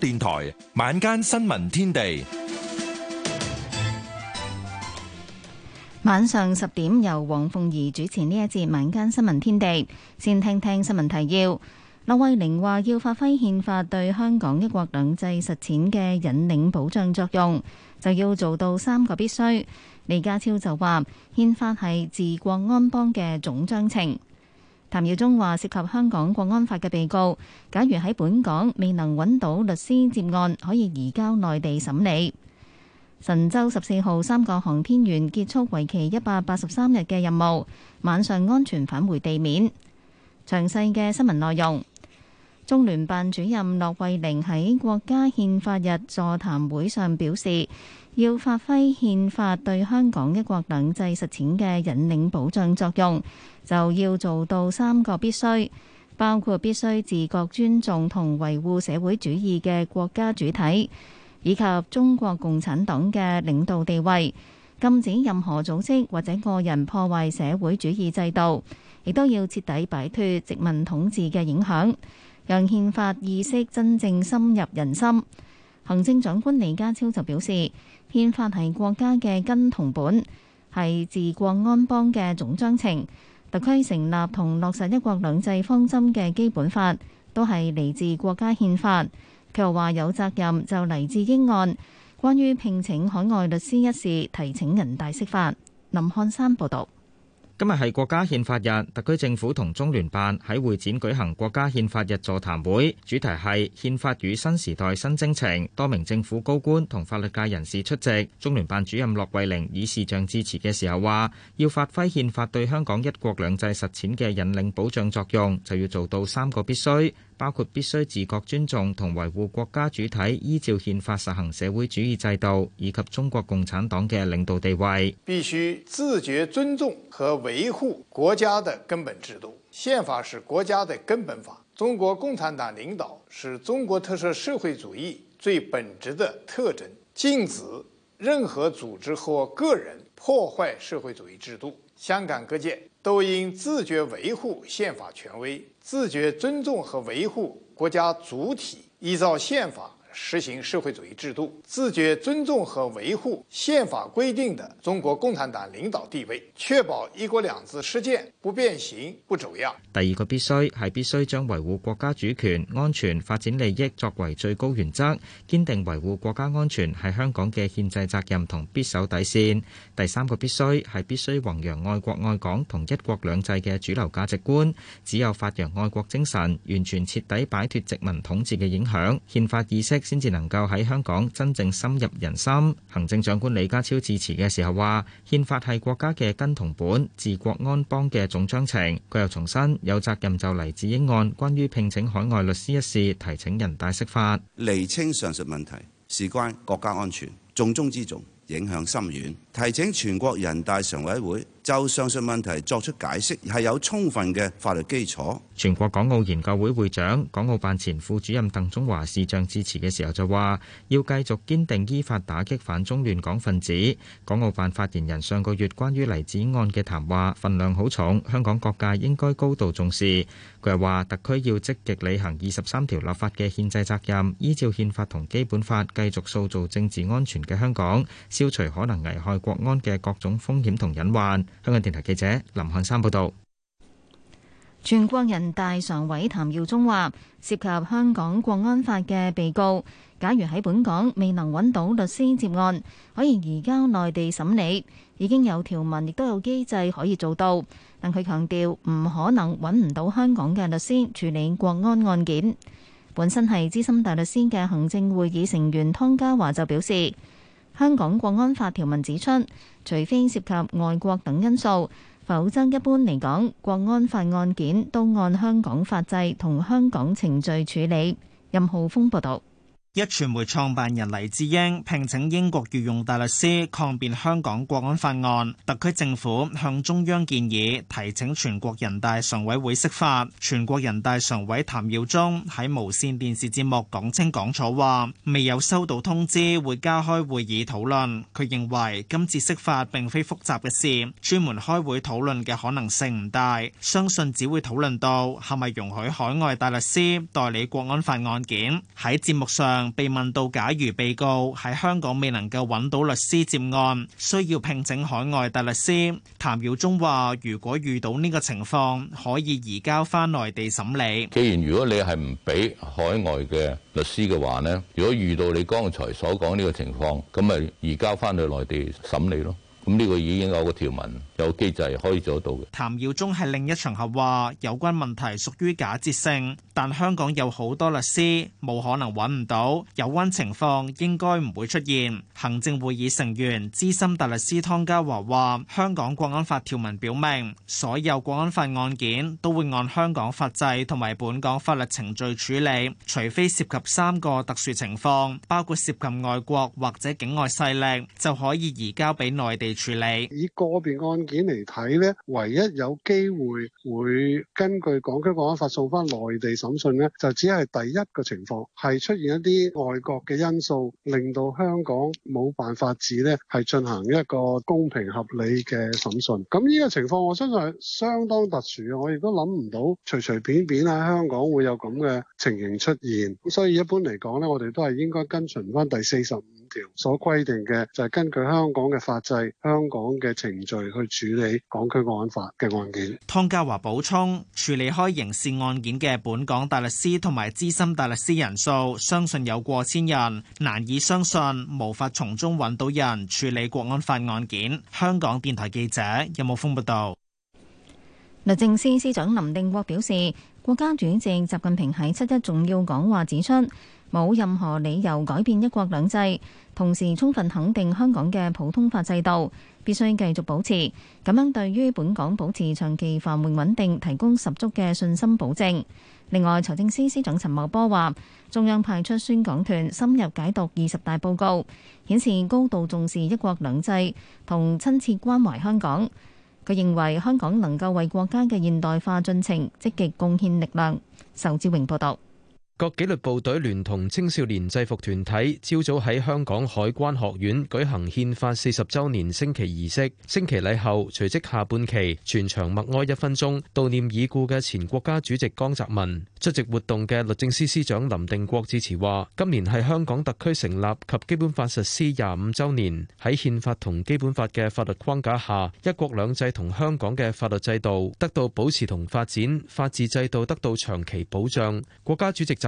電台晚間新聞天地，晚上十點由黃鳳儀主持呢一節晚間新聞天地，先聽聽新聞提要。駱慧玲話要發揮憲法對香港一國兩制實踐嘅引領保障作用，就要做到三個必須。李家超就話，憲法係治國安邦嘅總章程。譚耀宗話，涉及香港國安法嘅被告，假如喺本港未能搵到律師接案，可以移交內地審理。神舟十四號三個航天員結束為期一百八十三日嘅任務，晚上安全返回地面。詳細嘅新聞內容。中聯辦主任駱惠寧喺國家憲法日座談會上表示，要發揮憲法對香港一國兩制實踐嘅引領保障作用，就要做到三個必須，包括必須自覺尊重同維護社會主義嘅國家主體，以及中國共產黨嘅領導地位，禁止任何組織或者個人破壞社會主義制度，亦都要徹底擺脱殖民統治嘅影響。讓憲法意識真正深入人心。行政長官李家超就表示，憲法係國家嘅根同本，係治國安邦嘅總章程。特區成立同落實一國兩制方針嘅基本法，都係嚟自國家憲法。佢又話，有責任就嚟自英案。關於聘請海外律師一事，提請人大釋法。林漢山報導。今日係國家憲法日，特區政府同中聯辦喺會展舉行國家憲法日座談會，主題係憲法與新時代新征程。多名政府高官同法律界人士出席。中聯辦主任駱惠寧以視像致辭嘅時候話，要發揮憲法對香港一國兩制實踐嘅引領保障作用，就要做到三個必須。包括必須自覺尊重同維護國家主體，依照憲法實行社會主義制度，以及中國共產黨嘅領導地位。必須自覺尊重和維護國家的根本制度，憲法是國家的根本法。中國共產黨領導是中國特色社會主義最本質的特徵。禁止任何組織或個人破壞社會主義制度。香港各界，都應自覺維護憲法權威，自覺尊重和維護國家主體，依照憲法。實行社會主義制度，自覺尊重和維護憲法規定的中國共產黨領導地位，確保“一國兩制”實踐不變形、不走樣。第二個必須係必須將維護國家主權、安全、發展利益作為最高原則，堅定維護國家安全係香港嘅憲制責任同必守底線。第三個必須係必須弘揚愛國愛港同一國兩制嘅主流價值觀。只有發揚愛國精神，完全徹底擺脱殖民統治嘅影響，憲法意識。先至能夠喺香港真正深入人心。行政長官李家超致辭嘅時候話，憲法係國家嘅根同本，治國安邦嘅總章程。佢又重申有責任就黎智英案關於聘請海外律師一事，提請人大釋法，釐清上述問題，事關國家安全，重中之重，影響深遠。提請全國人大常委會就上述問題作出解釋係有充分嘅法律基礎。全國港澳研究會會長、港澳辦前副主任鄧中華視像致詞嘅時候就話：要繼續堅定依法打擊反中亂港分子。港澳辦發言人上個月關於黎智英案嘅談話份量好重，香港各界應該高度重視。佢又話：特區要積極履行《二十三條》立法嘅憲制責任，依照憲法同基本法繼續塑造政治安全嘅香港，消除可能危害。國安嘅各種風險同隱患，香港電台記者林漢山報道。全國人大常委譚耀宗話：涉及香港國安法嘅被告，假如喺本港未能揾到律師接案，可以移交內地審理。已經有條文亦都有機制可以做到，但佢強調唔可能揾唔到香港嘅律師處理國安案件。本身係資深大律師嘅行政會議成員湯家驊就表示。香港國安法條文指出，除非涉及外國等因素，否則一般嚟講，國安法案件都按香港法制同香港程序處理。任浩峰報導。一傳媒創辦人黎智英聘請英國御用大律師抗辯香港國安法案，特區政府向中央建議提請全國人大常委會釋法。全國人大常委譚耀宗喺無線電視節目講清講楚話話未有收到通知會加開會議討論。佢認為今次釋法並非複雜嘅事，專門開會討論嘅可能性唔大，相信只會討論到係咪容許海外大律師代理國安法案件。喺節目上。被問到假如被告喺香港未能夠揾到律師接案，需要聘請海外大律師，譚耀宗話：如果遇到呢個情況，可以移交翻內地審理。既然如果你係唔俾海外嘅律師嘅話呢，如果遇到你剛才所講呢個情況，咁咪移交翻去內地審理咯。咁、這、呢個已經有個條文，有機制可以做到嘅。譚耀宗喺另一場合話，有關問題屬於假設性，但香港有好多律師，冇可能揾唔到有關情況，應該唔會出現。行政會議成員資深大律師湯家華話，香港國安法條文表明，所有國安法案件都會按香港法制同埋本港法律程序處理，除非涉及三個特殊情況，包括涉及外國或者境外勢力，就可以移交俾內地。處理以個別案件嚟睇咧，唯一有機會會根據《港區國灣法》送翻內地審訊咧，就只係第一個情況，係出現一啲外國嘅因素，令到香港冇辦法治咧，係進行一個公平合理嘅審訊。咁呢個情況我相信相當特殊，我亦都諗唔到隨隨便便喺香港會有咁嘅情形出現。所以一般嚟講咧，我哋都係應該跟循翻第四十五條所規定嘅，就係、是、根據香港嘅法制。香港嘅程序去處理港區《國安法》嘅案件。湯家驊補充：處理開刑事案件嘅本港大律師同埋資深大律師人數，相信有過千人，難以相信無法從中揾到人處理《國安法》案件。香港電台記者任武峯報道。律政司司長林定國表示，國家主席習近平喺七一重要講話指出。冇任何理由改變一國兩制，同時充分肯定香港嘅普通法制度必須繼續保持，咁樣對於本港保持長期繁榮穩定提供十足嘅信心保證。另外，財政司司長陳茂波話：中央派出宣講團深入解讀二十大報告，顯示高度重視一國兩制同親切關懷香港。佢認為香港能夠為國家嘅現代化進程積極貢獻力量。仇志榮報道。各紀律部隊聯同青少年制服團體，朝早喺香港海關學院舉行憲法四十週年升旗儀式。升旗禮後，隨即下半旗，全場默哀一分鐘，悼念已故嘅前國家主席江澤民。出席活動嘅律政司司長林定國致辭話：今年係香港特區成立及基本法實施廿五週年，喺憲法同基本法嘅法律框架下，一國兩制同香港嘅法律制度得到保持同發展，法治制度得到長期保障，國家主席。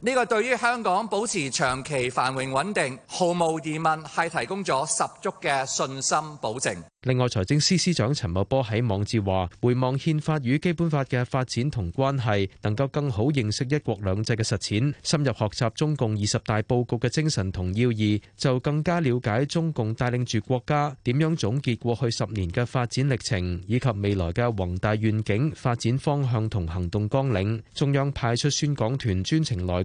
呢個對於香港保持長期繁榮穩定，毫無疑問係提供咗十足嘅信心保證。另外，財政司司長陳茂波喺網誌話，回望憲法與基本法嘅發展同關係能夠更好認識一國兩制嘅實踐，深入學習中共二十大報告嘅精神同要義，就更加了解中共帶領住國家點樣總結過去十年嘅發展歷程，以及未來嘅宏大願景、發展方向同行動綱領，中央派出宣講團專程來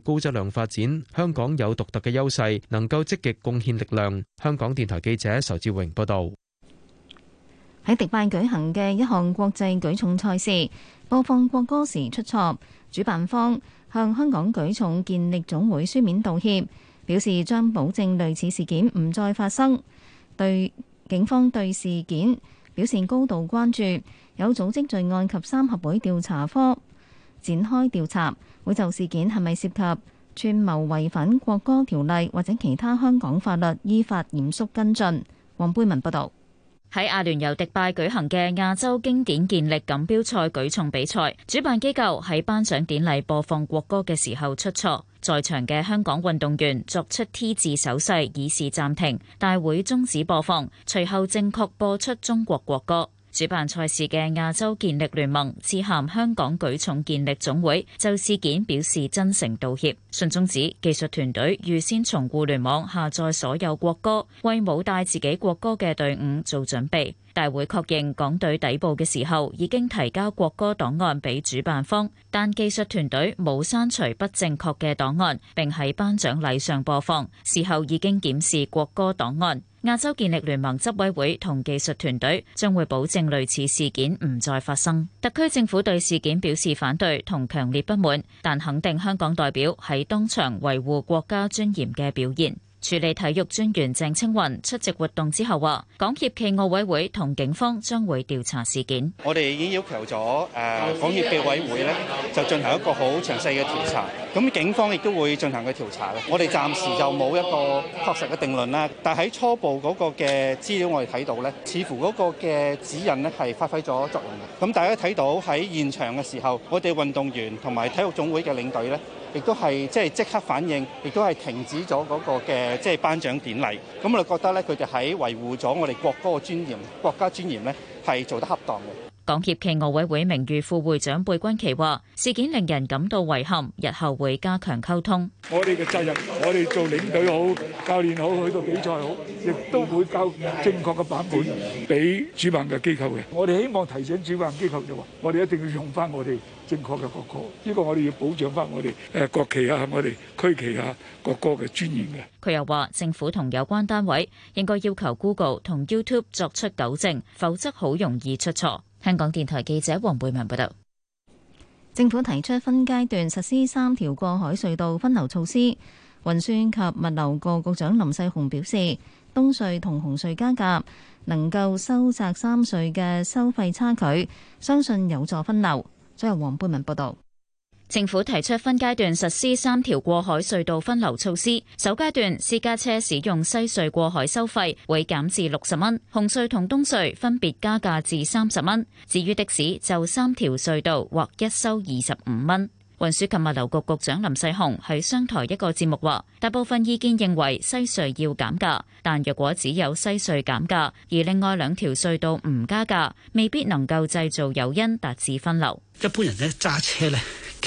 高質量發展，香港有獨特嘅優勢，能夠積極貢獻力量。香港電台記者仇志榮報導。喺迪拜舉行嘅一項國際舉重賽事，播放國歌時出錯，主辦方向香港舉重健力總會書面道歉，表示將保證類似事件唔再發生。對警方對事件表示高度關注，有組織罪案及三合會調查科。展開調查，會就事件係咪涉及串謀違反國歌條例或者其他香港法律，依法嚴肅跟進。黃貝文報道。喺阿聯酋迪拜舉行嘅亞洲經典健力錦標賽舉重比賽，主辦機構喺頒獎典禮播放國歌嘅時候出錯，在場嘅香港運動員作出 T 字手勢以示暫停，大會終止播放，隨後正確播出中國國歌。主辦賽事嘅亞洲健力聯盟致函香港舉重健力總會，就事件表示真誠道歉。信中指技術團隊預先從互聯網下載所有國歌，為冇帶自己國歌嘅隊伍做準備。大會確認港隊抵埠嘅時候已經提交國歌檔案俾主辦方，但技術團隊冇刪除不正確嘅檔案，並喺頒獎禮上播放。事後已經檢視國歌檔案。亞洲健力聯盟執委會同技術團隊將會保證類似事件唔再發生。特區政府對事件表示反對同強烈不滿，但肯定香港代表喺當場維護國家尊嚴嘅表現。處理體育專員鄭青雲出席活動之後話：港協暨奧委會同警方將會調查事件。我哋已經要求咗誒港協暨委會咧。就進行一個好詳細嘅調查，咁警方亦都會進行嘅調查嘅。我哋暫時就冇一個確實嘅定論啦。但喺初步嗰個嘅資料，我哋睇到咧，似乎嗰個嘅指引咧係發揮咗作用嘅。咁大家睇到喺現場嘅時候，我哋運動員同埋體育總會嘅領隊咧，亦都係即係即刻反應，亦都係停止咗嗰個嘅即係頒獎典禮。咁我哋覺得咧，佢哋喺維護咗我哋國歌嘅尊嚴、國家尊嚴咧，係做得恰當嘅。港協暨奧委會名譽副會長貝君奇話：事件令人感到遺憾，日後會加強溝通。我哋嘅責任，我哋做領隊好、教練好，去到比賽好，亦都會交正確嘅版本俾主辦嘅機構嘅。我哋希望提醒主辦機構就話，我哋一定要用翻我哋正確嘅國歌，呢個我哋要保障翻我哋誒國旗啊、我哋區旗啊、國歌嘅尊嚴嘅。佢又話：政府同有關單位應該要求 Google 同 YouTube 作出糾正，否則好容易出錯。香港電台記者黃貝文報道，政府提出分階段實施三條過海隧道分流措施。運輸及物流局局長林世雄表示，東隧同紅隧加價，能夠收窄三隧嘅收費差距，相信有助分流。再由黃貝文報道。政府提出分階段實施三條過海隧道分流措施。首階段私家車使用西隧過海收費會減至六十蚊，紅隧同東隧分別加價至三十蚊。至於的士就三條隧道或一收二十五蚊。運輸及物流局局長林世雄喺商台一個節目話，大部分意見認為西隧要減價，但若果只有西隧減價，而另外兩條隧道唔加價，未必能夠製造誘因達至分流。一般人咧，揸車咧。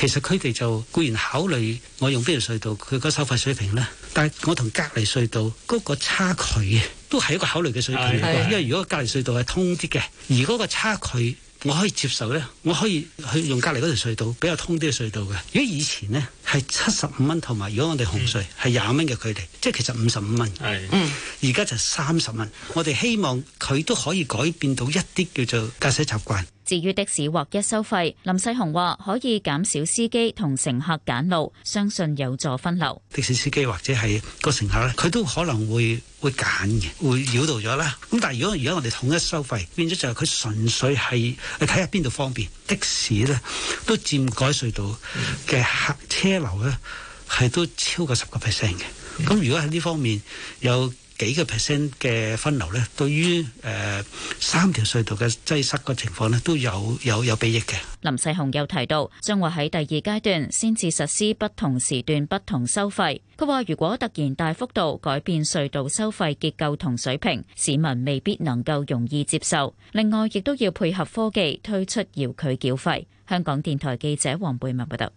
其實佢哋就固然考慮我用邊條隧道，佢個收費水平咧。但係我同隔籬隧道嗰個差距，都係一個考慮嘅水平。因為如果隔籬隧道係通啲嘅，而嗰個差距我可以接受咧，我可以去用隔籬嗰條隧道，比較通啲嘅隧道嘅。如果以前呢係七十五蚊，同埋如果我哋紅隧係廿蚊嘅距離，即係其實五十五蚊。係，而家就三十蚊。我哋希望佢都可以改變到一啲叫做駕駛習慣。至於的士劃一收費，林世雄話可以減少司機同乘客揀路，相信有助分流。的士司機或者係個乘客咧，佢都可能會會揀嘅，會繞道咗啦。咁但係如果如果我哋統一收費，變咗就係佢純粹係睇下邊度方便。的士咧都佔據隧道嘅客車流咧，係都超過十個 percent 嘅。咁如果喺呢方面有。幾個 percent 嘅分，分流咧，對於誒三條隧道嘅擠塞嘅情況咧，都有有有裨益嘅。林世雄又提到，將會喺第二階段先至實施不同時段不同收費。佢話如果突然大幅度改變隧道收費結構同水平，市民未必能夠容易接受。另外，亦都要配合科技推出遙距繳費。香港電台記者黃貝文報道。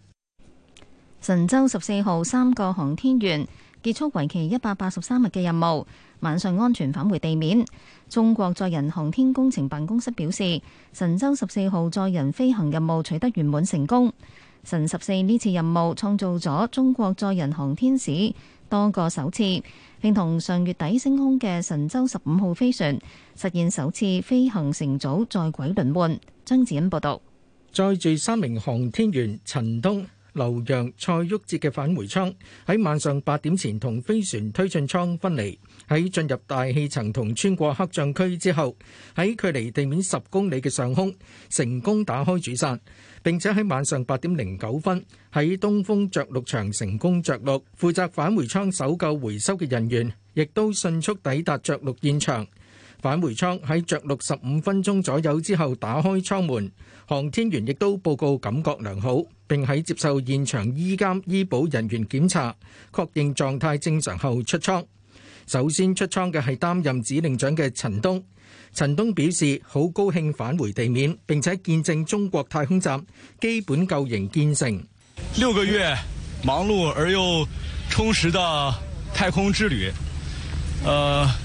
神舟十四號三個航天員。結束為期一百八十三日嘅任務，晚上安全返回地面。中國載人航天工程辦公室表示，神舟十四號載人飛行任務取得圓滿成功。神十四呢次任務創造咗中國載人航天史多個首次，並同上月底升空嘅神舟十五號飛船實現首次飛行乘組在軌輪換。張子欣報道。載住三名航天員陳冬劉洋、蔡旭哲嘅返回艙喺晚上八點前同飛船推進艙分離，喺進入大氣層同穿過黑障區之後，喺距離地面十公里嘅上空成功打開主傘，並且喺晚上八點零九分喺東風着陸場成功着陸。負責返回艙搜救回收嘅人員亦都迅速抵達着陸現場。返回艙喺着陸十五分鐘左右之後打開艙門，航天員亦都報告感覺良好，並喺接受現場醫監醫保人員檢查，確認狀態正常後出艙。首先出艙嘅係擔任指令長嘅陳冬，陳冬表示好高興返回地面，並且見證中國太空站基本構型建成。六個月忙碌而又充實的太空之旅，呃。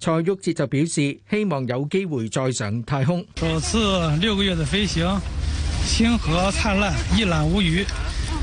蔡旭哲就表示，希望有機會再上太空。首次六個月的飛行，星河燦爛，一覽無餘，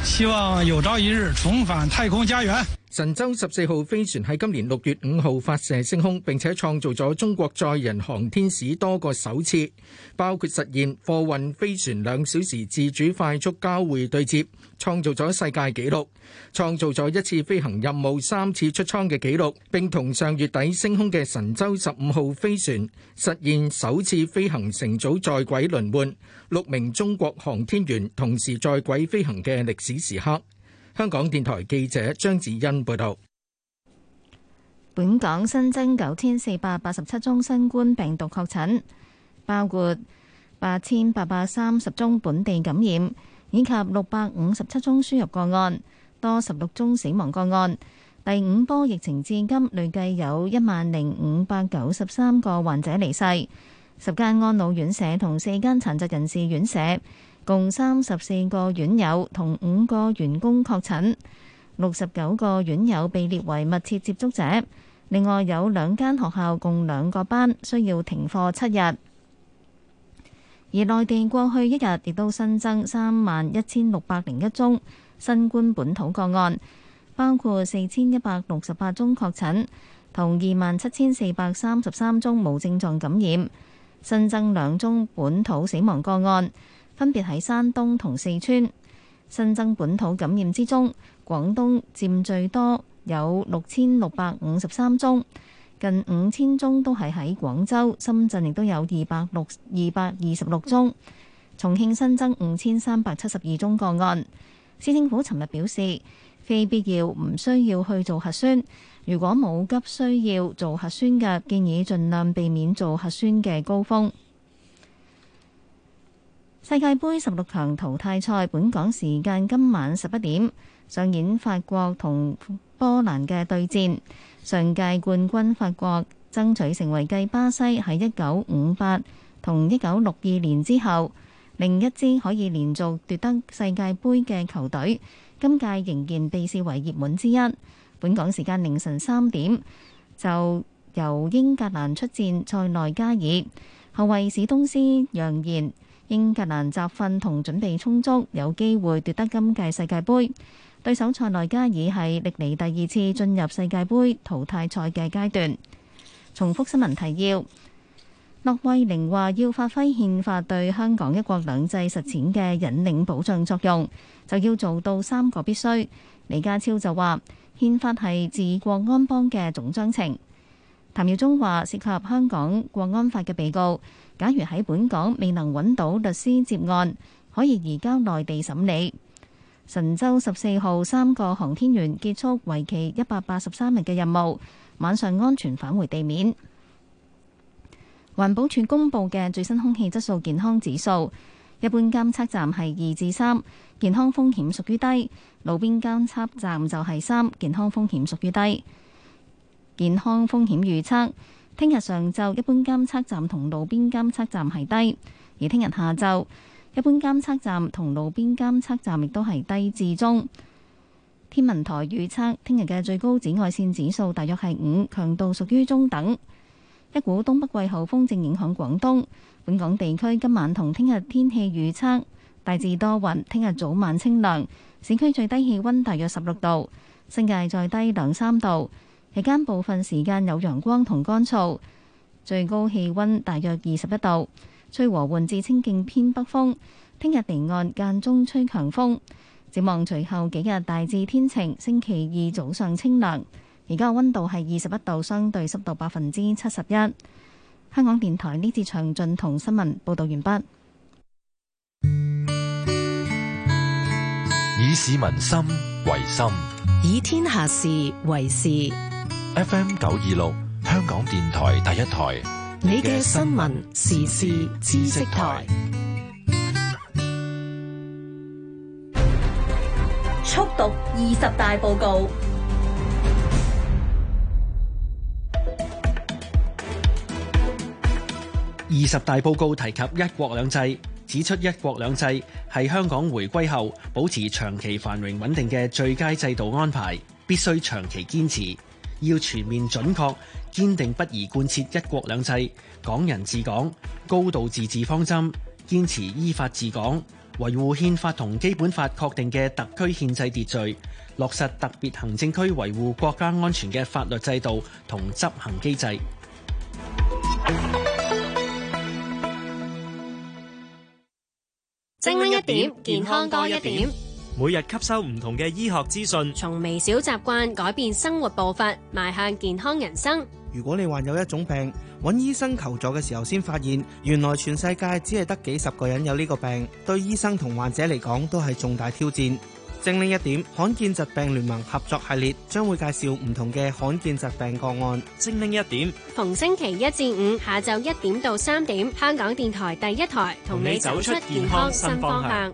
希望有朝一日重返太空家園。神舟十四號飛船喺今年六月五號發射升空，並且創造咗中國載人航天史多個首次，包括實現貨運飛船兩小時自主快速交會對接，創造咗世界紀錄；創造咗一次飛行任務三次出艙嘅紀錄，並同上月底升空嘅神舟十五號飛船實現首次飛行乘組在軌輪換，六名中國航天員同時在軌飛行嘅歷史時刻。香港電台記者張子欣報道。本港新增九千四百八十七宗新冠病毒確診，包括八千八百三十宗本地感染，以及六百五十七宗輸入個案，多十六宗死亡個案。第五波疫情至今累計有一萬零五百九十三個患者離世，十間安老院舍同四間殘疾人士院舍。共三十四個院友同五個員工確診，六十九個院友被列為密切接觸者。另外有兩間學校共兩個班需要停課七日。而內地過去一日亦都新增三萬一千六百零一宗新冠本土個案，包括四千一百六十八宗確診，同二萬七千四百三十三宗無症狀感染，新增兩宗本土死亡個案。分別喺山東同四川。新增本土感染之中，廣東佔最多，有六千六百五十三宗，近五千宗都係喺廣州、深圳，亦都有二百六二百二十六宗。重慶新增五千三百七十二宗個案。市政府尋日表示，非必要唔需要去做核酸，如果冇急需要做核酸嘅，建議盡量避免做核酸嘅高峰。世界盃十六強淘汰賽，本港時間今晚十一點上演法國同波蘭嘅對戰。上屆冠軍法國爭取成為繼巴西喺一九五八同一九六二年之後另一支可以連續奪得世界盃嘅球隊，今屆仍然被視為熱門之一。本港時間凌晨三點就由英格蘭出戰塞內加爾，後衞史東斯揚言，英格蘭集訓同準備充足，有機會奪得今屆世界盃。對手塞內加爾係歷來第二次進入世界盃淘汰賽嘅階段。重複新聞提要。駱惠寧話要發揮憲法對香港一國兩制實踐嘅引領保障作用，就要做到三個必須。李家超就話憲法係治國安邦嘅總章程。譚耀宗話：涉及香港國安法嘅被告，假如喺本港未能搵到律師接案，可以移交內地審理。神舟十四號三個航天員結束為期一百八十三日嘅任務，晚上安全返回地面。環保署公布嘅最新空氣質素健康指數，一般監測站係二至三，健康風險屬於低；路邊監測站就係三，健康風險屬於低。健康風險預測，聽日上晝一般監測站同路邊監測站係低，而聽日下晝一般監測站同路邊監測站亦都係低至中。天文台預測，聽日嘅最高紫外線指數大約係五，強度屬於中等。一股東北季候風正影響廣東本港地區，今晚同聽日天氣預測大致多雲，聽日早晚清涼，市區最低氣温大約十六度，新界再低兩三度。期間部分時間有陽光同乾燥，最高氣温大約二十一度，吹和緩至清勁偏北風。聽日離岸間中吹強風。展望隨後幾日大致天晴，星期二早上清涼。而家嘅温度係二十一度，相對濕度百分之七十一。香港電台呢次詳盡同新聞報道完畢。以市民心為心，以天下事為事。FM 九二六，香港電台第一台，你嘅新聞時事知識台，速讀二十大報告。二十大報告提及一國兩制，指出一國兩制係香港回歸後保持長期繁榮穩定嘅最佳制度安排，必須長期堅持。要全面準確、堅定不移貫徹一國兩制、港人治港、高度自治方針，堅持依法治港，維護憲法同基本法確定嘅特區憲制秩序，落實特別行政區維護國家安全嘅法律制度同執行機制。精明一點，健康多一點。每日吸收唔同嘅醫學資訊，從微小習慣改變生活步伐，邁向健康人生。如果你患有一種病，揾醫生求助嘅時候，先發現原來全世界只係得幾十個人有呢個病，對醫生同患者嚟講都係重大挑戰。精靈一點，罕見疾病聯盟合作系列將會介紹唔同嘅罕見疾病個案。精靈一點，逢星期一至五下晝一點到三點，香港電台第一台同你，你走出健康新方向。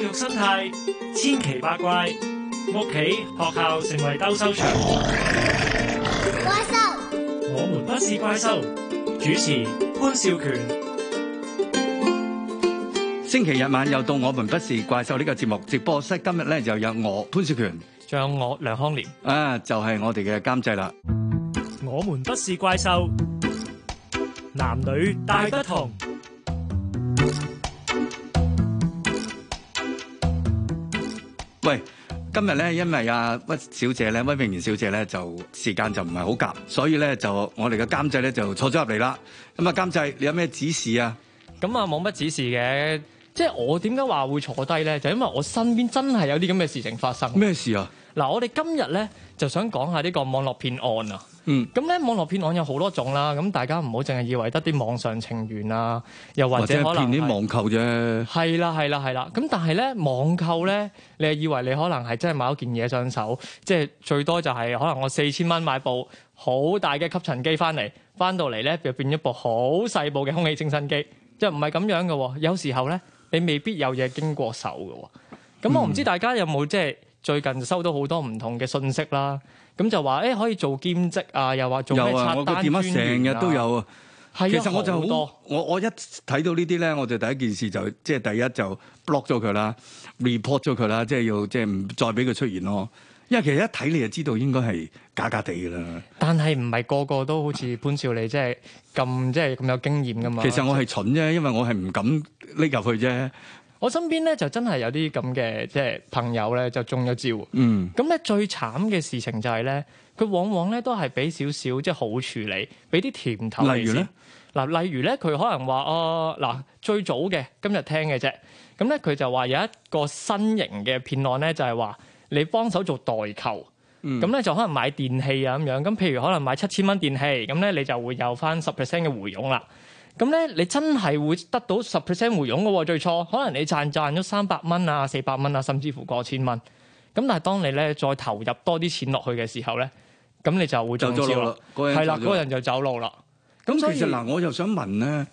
教育生態千奇百怪，屋企、學校成為兜收場。怪獸，我們不是怪獸。主持潘少權。星期日晚又到我們不是怪獸呢、這個節目直播室。今日咧就有我潘少權，仲有我梁康年。啊，就係、是、我哋嘅監製啦。我們不是怪獸，男女大不同。喂，今日咧，因為阿屈小姐咧，屈穎妍小姐咧，姐時間就時間就唔係好夾，所以咧就我哋嘅監製咧就坐咗入嚟啦。咁啊，監製你有咩指示啊？咁啊，冇乜指示嘅，即係我點解話會坐低咧？就是、因為我身邊真係有啲咁嘅事情發生。咩事啊？嗱，我哋今日咧就想講下呢個網絡騙案啊。嗯，咁咧網絡騙案有好多種啦，咁大家唔好淨係以為得啲網上情緣啊，又或者可能騙啲網購啫。係啦，係啦，係啦。咁但係咧，網購咧，你係以為你可能係真係買到件嘢上手，即係最多就係可能我四千蚊買部好大嘅吸塵機翻嚟，翻到嚟咧就變一部好細部嘅空氣清新機，即係唔係咁樣嘅。有時候咧，你未必有嘢經過手嘅。咁我唔知大家有冇即係。嗯最近收到好多唔同嘅信息啦，咁就話誒、欸、可以做兼職啊，又話做咩刷單專員啊。成日都有，啊，其實我就好多我我一睇到呢啲咧，我就第一件事就即係、就是、第一就 block 咗佢啦，report 咗佢啦，即、就、係、是、要即係唔再俾佢出現咯。因為其實一睇你就知道應該係假假地㗎啦。但係唔係個個都好似潘少你即係咁即係咁有經驗噶嘛？其實我係蠢啫，因為我係唔敢匿入去啫。我身邊咧就真係有啲咁嘅即係朋友咧就中咗招，咁、嗯、咧最慘嘅事情就係、是、咧，佢往往咧都係俾少少即係好處理，俾啲甜頭你先。嗱，例如咧，佢可能話啊，嗱、呃，最早嘅今日聽嘅啫，咁咧佢就話有一個新型嘅騙案咧，就係話你幫手做代購，咁、嗯、咧就可能買電器啊咁樣，咁譬如可能買七千蚊電器，咁咧你就會有翻十 percent 嘅回傭啦。咁咧，你真係會得到十 percent 回傭嘅喎。最初可能你賺賺咗三百蚊啊、四百蚊啊，甚至乎過千蚊。咁但係當你咧再投入多啲錢落去嘅時候咧，咁你就會走咗啦。係啦，嗰人就走路啦。咁所以嗱，我就想問咧，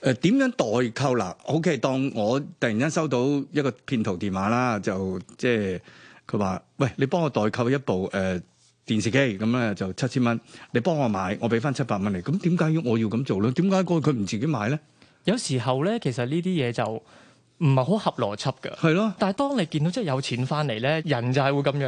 呃、點樣代購喇？OK，當我突然間收到一個騙徒電話啦，就即係佢話：喂，你幫我代購一部、呃電視機咁咧，就七千蚊，你幫我買，我俾翻七百蚊你。咁點解要我要咁做咧？點解個佢唔自己買咧？有時候咧，其實呢啲嘢就唔係好合邏輯嘅，係咯。但係當你見到即係有錢翻嚟咧，人就係會咁樣。